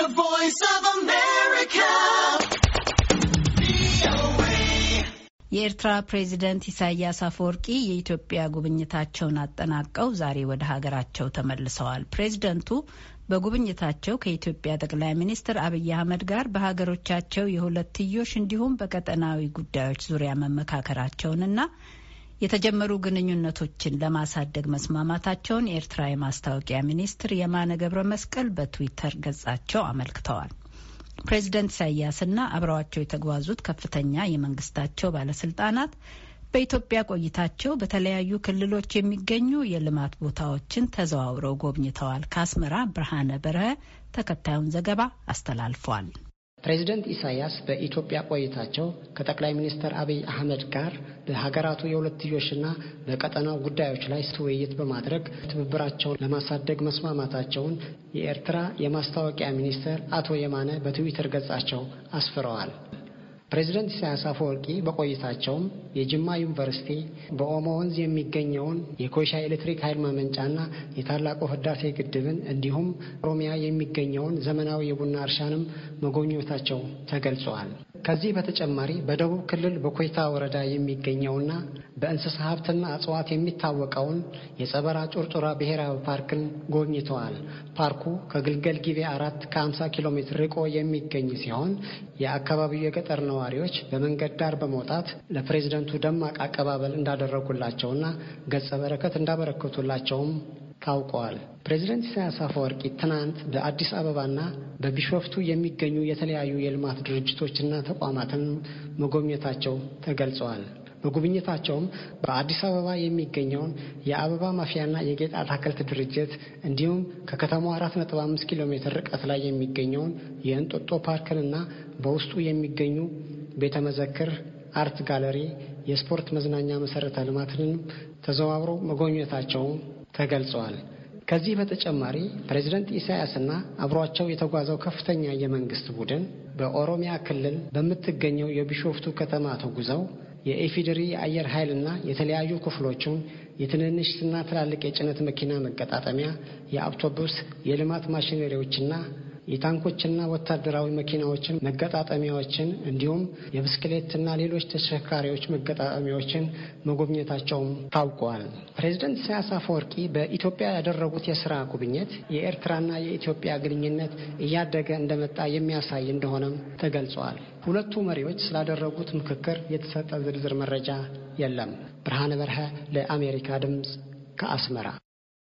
The Voice of America. የኤርትራ ፕሬዚደንት ኢሳያስ አፈወርቂ የኢትዮጵያ ጉብኝታቸውን አጠናቀው ዛሬ ወደ ሀገራቸው ተመልሰዋል። ፕሬዚደንቱ በጉብኝታቸው ከኢትዮጵያ ጠቅላይ ሚኒስትር አብይ አህመድ ጋር በሀገሮቻቸው የሁለትዮሽ እንዲሁም በቀጠናዊ ጉዳዮች ዙሪያ መመካከራቸውንና የተጀመሩ ግንኙነቶችን ለማሳደግ መስማማታቸውን የኤርትራ የማስታወቂያ ሚኒስትር የማነ ገብረ መስቀል በትዊተር ገጻቸው አመልክተዋል። ፕሬዚደንት ኢሳያስና አብረዋቸው የተጓዙት ከፍተኛ የመንግስታቸው ባለስልጣናት በኢትዮጵያ ቆይታቸው በተለያዩ ክልሎች የሚገኙ የልማት ቦታዎችን ተዘዋውረው ጎብኝተዋል። ከአስመራ ብርሃነ በረሀ ተከታዩን ዘገባ አስተላልፏል። ፕሬዚደንት ኢሳያስ በኢትዮጵያ ቆይታቸው ከጠቅላይ ሚኒስትር አብይ አህመድ ጋር በሀገራቱ የሁለትዮሽና በቀጠናው ጉዳዮች ላይ ውይይት በማድረግ ትብብራቸውን ለማሳደግ መስማማታቸውን የኤርትራ የማስታወቂያ ሚኒስትር አቶ የማነ በትዊተር ገጻቸው አስፍረዋል። ፕሬዚደንት ኢሳያስ አፈወርቂ በቆይታቸውም የጅማ ዩኒቨርሲቲ በኦሞ ወንዝ የሚገኘውን የኮይሻ ኤሌክትሪክ ኃይል ማመንጫና የታላቁ ህዳሴ ግድብን እንዲሁም ኦሮሚያ የሚገኘውን ዘመናዊ የቡና እርሻንም መጎብኘታቸው ተገልጸዋል። ከዚህ በተጨማሪ በደቡብ ክልል በኮይታ ወረዳ የሚገኘውና በእንስሳ ሀብትና እጽዋት የሚታወቀውን የጸበራ ጩርጩራ ብሔራዊ ፓርክን ጎብኝተዋል። ፓርኩ ከግልገል ጊቤ አራት ከ50 ኪሎ ሜትር ርቆ የሚገኝ ሲሆን የአካባቢው የገጠር ነው ነዋሪዎች በመንገድ ዳር በመውጣት ለፕሬዝደንቱ ደማቅ አቀባበል እንዳደረጉላቸውና ገጸ በረከት እንዳበረከቱላቸውም ታውቀዋል። ፕሬዚደንት ኢሳያስ አፈወርቂ ትናንት በአዲስ አበባና በቢሾፍቱ የሚገኙ የተለያዩ የልማት ድርጅቶችና ተቋማትን መጎብኘታቸው ተገልጸዋል። በጉብኝታቸውም በአዲስ አበባ የሚገኘውን የአበባ ማፍያና የጌጥ አትክልት ድርጅት እንዲሁም ከከተማው 4.5 ኪሎ ሜትር ርቀት ላይ የሚገኘውን የእንጦጦ ፓርክንና በውስጡ የሚገኙ ቤተ መዘክር፣ አርት ጋለሪ፣ የስፖርት መዝናኛ መሰረተ ልማትንም ተዘዋውረው መጎብኘታቸው ተገልጸዋል። ከዚህ በተጨማሪ ፕሬዝደንት ኢሳያስና አብሯቸው የተጓዘው ከፍተኛ የመንግስት ቡድን በኦሮሚያ ክልል በምትገኘው የቢሾፍቱ ከተማ ተጉዘው የኢፌዴሪ አየር ኃይልና የተለያዩ ክፍሎችን የትንንሽና ትላልቅ የጭነት መኪና መገጣጠሚያ፣ የአውቶቡስ፣ የልማት ማሽነሪዎችና የታንኮችና ወታደራዊ መኪናዎችን መገጣጠሚያዎችን እንዲሁም የብስክሌትና ሌሎች ተሽከርካሪዎች መገጣጠሚያዎችን መጎብኘታቸውም ታውቀዋል። ፕሬዚደንት ኢሳያስ አፈወርቂ በኢትዮጵያ ያደረጉት የስራ ጉብኝት የኤርትራና የኢትዮጵያ ግንኙነት እያደገ እንደመጣ የሚያሳይ እንደሆነም ተገልጸዋል። ሁለቱ መሪዎች ስላደረጉት ምክክር የተሰጠ ዝርዝር መረጃ የለም። ብርሃነ በርሀ ለአሜሪካ ድምፅ ከአስመራ